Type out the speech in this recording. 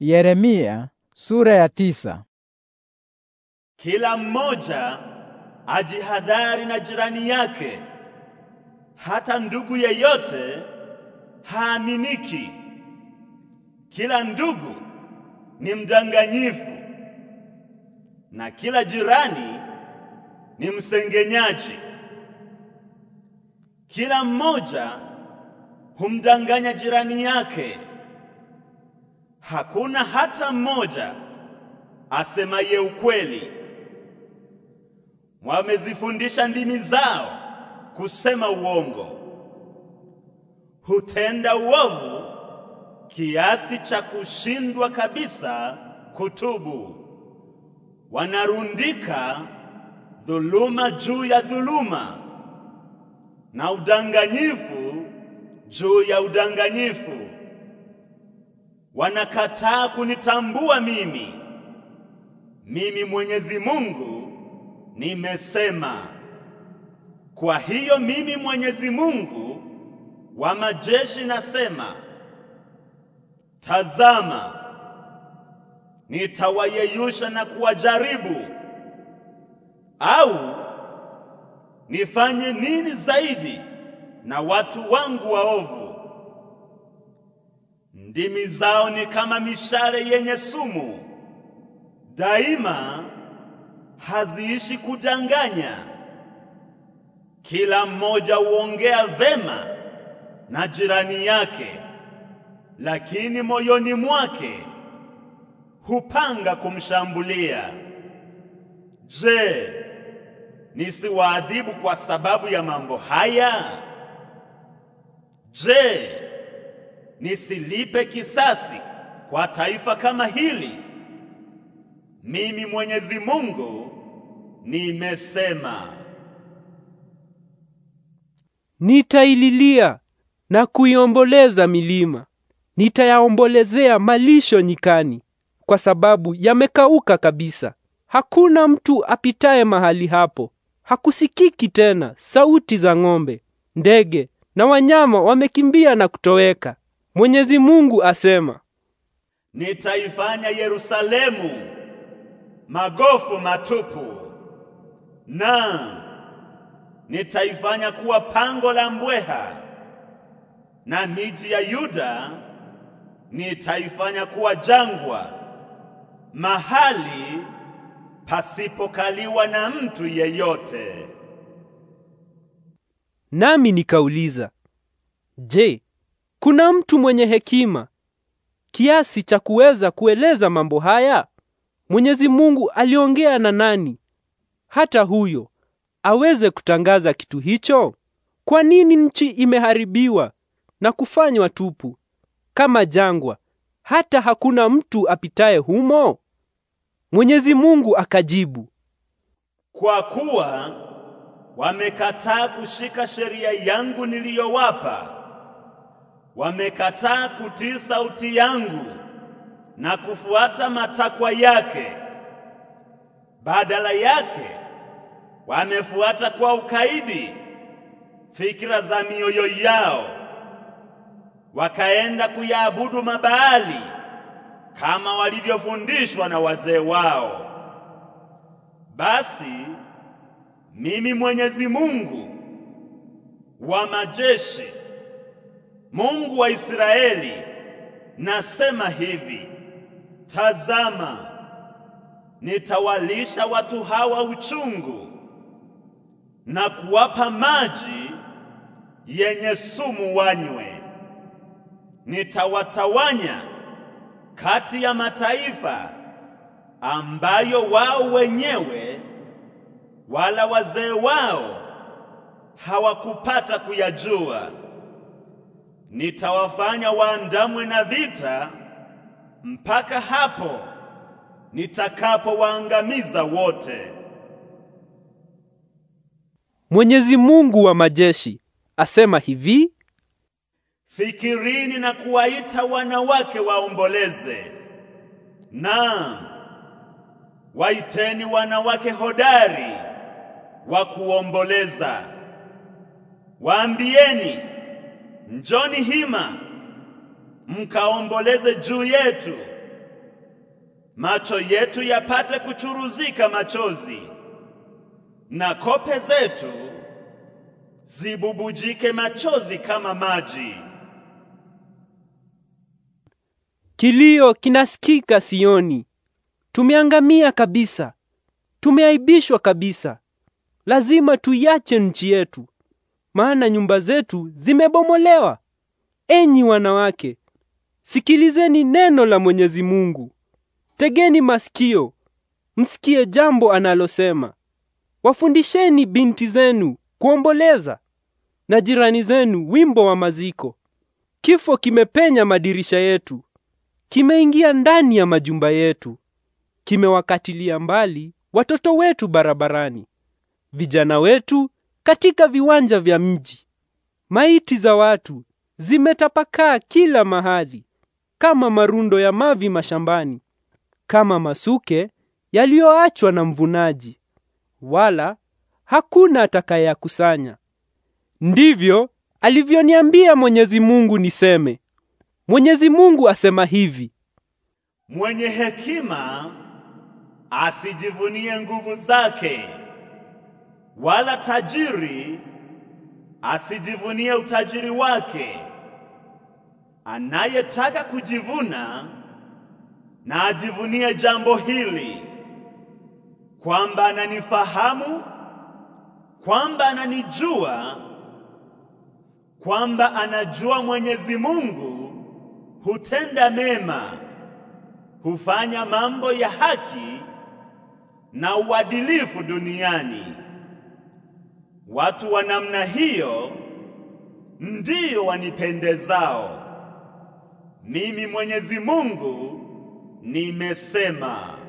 Yeremia sura ya tisa. Kila mmoja ajihadhari na jirani yake, hata ndugu yeyote haaminiki. Kila ndugu ni mdanganyifu na kila jirani ni msengenyaji. Kila mmoja humdanganya jirani yake hakuna hata mmoja asemaye ukweli. Wamezifundisha ndimi zao kusema uongo, hutenda uovu kiasi cha kushindwa kabisa kutubu. Wanarundika dhuluma juu ya dhuluma na udanganyifu juu ya udanganyifu wanakataa kunitambua mimi. Mimi Mwenyezi Mungu nimesema. Kwa hiyo mimi Mwenyezi Mungu wa majeshi nasema, tazama, nitawayeyusha na kuwajaribu. Au nifanye nini zaidi na watu wangu waovu? Ndimi zao ni kama mishale yenye sumu, daima haziishi kudanganya. Kila mmoja huongea vema na jirani yake, lakini moyoni mwake hupanga kumshambulia. Je, nisiwaadhibu kwa sababu ya mambo haya? Je, nisilipe kisasi kwa taifa kama hili. Mimi Mwenyezi Mungu nimesema. Nitaililia na kuiomboleza milima, nitayaombolezea malisho nyikani, kwa sababu yamekauka kabisa. Hakuna mtu apitaye mahali hapo, hakusikiki tena sauti za ng'ombe, ndege na wanyama wamekimbia na kutoweka. Mwenyezi Mungu asema, nitaifanya Yerusalemu magofu matupu na nitaifanya kuwa pango la mbweha, na miji ya Yuda nitaifanya kuwa jangwa, mahali pasipokaliwa na mtu yeyote. Nami nikauliza, je, kuna mtu mwenye hekima kiasi cha kuweza kueleza mambo haya? Mwenyezi Mungu aliongea na nani hata huyo aweze kutangaza kitu hicho? Kwa nini nchi imeharibiwa na kufanywa tupu kama jangwa, hata hakuna mtu apitaye humo? Mwenyezi Mungu akajibu, kwa kuwa wamekataa kushika sheria yangu niliyowapa wamekataa kutii sauti yangu na kufuata matakwa yake. Badala yake wamefuata kwa ukaidi fikira za mioyo yao, wakaenda kuyaabudu mabaali kama walivyofundishwa na wazee wao. Basi mimi Mwenyezi Mungu wa majeshi Mungu wa Israeli, nasema hivi: tazama, nitawalisha watu hawa uchungu na kuwapa maji yenye sumu wanywe. Nitawatawanya kati ya mataifa ambayo wao wenyewe wala wazee wao hawakupata kuyajua nitawafanya waandamwe na vita mpaka hapo nitakapowaangamiza wote. Mwenyezi Mungu wa majeshi asema hivi: Fikirini na kuwaita wanawake waomboleze. Naam, waiteni wanawake hodari wa kuomboleza. Waambieni njoni mhm. hima mkaomboleze juu yetu, macho yetu yapate kuchuruzika machozi, na kope zetu zibubujike machozi kama maji. Kilio kinasikika Sioni, tumeangamia kabisa, tumeaibishwa kabisa. Lazima tuiache nchi yetu maana nyumba zetu zimebomolewa. Enyi wanawake, sikilizeni neno la Mwenyezi Mungu. Tegeni masikio, msikie jambo analosema. Wafundisheni binti zenu kuomboleza na jirani zenu wimbo wa maziko. Kifo kimepenya madirisha yetu, kimeingia ndani ya majumba yetu, kimewakatilia mbali watoto wetu barabarani, vijana wetu katika viwanja vya mji. Maiti za watu zimetapakaa kila mahali kama marundo ya mavi mashambani, kama masuke yaliyoachwa na mvunaji, wala hakuna atakayakusanya. Ndivyo alivyoniambia Mwenyezi Mungu niseme. Mwenyezi Mungu asema hivi: mwenye hekima asijivunie nguvu zake wala tajiri asijivunie utajiri wake. Anayetaka kujivuna na ajivunie jambo hili kwamba ananifahamu, kwamba ananijua, kwamba anajua Mwenyezi Mungu hutenda mema, hufanya mambo ya haki na uadilifu duniani. Watu wa namna hiyo ndiyo wanipendezao. Mimi Mwenyezi Mungu nimesema.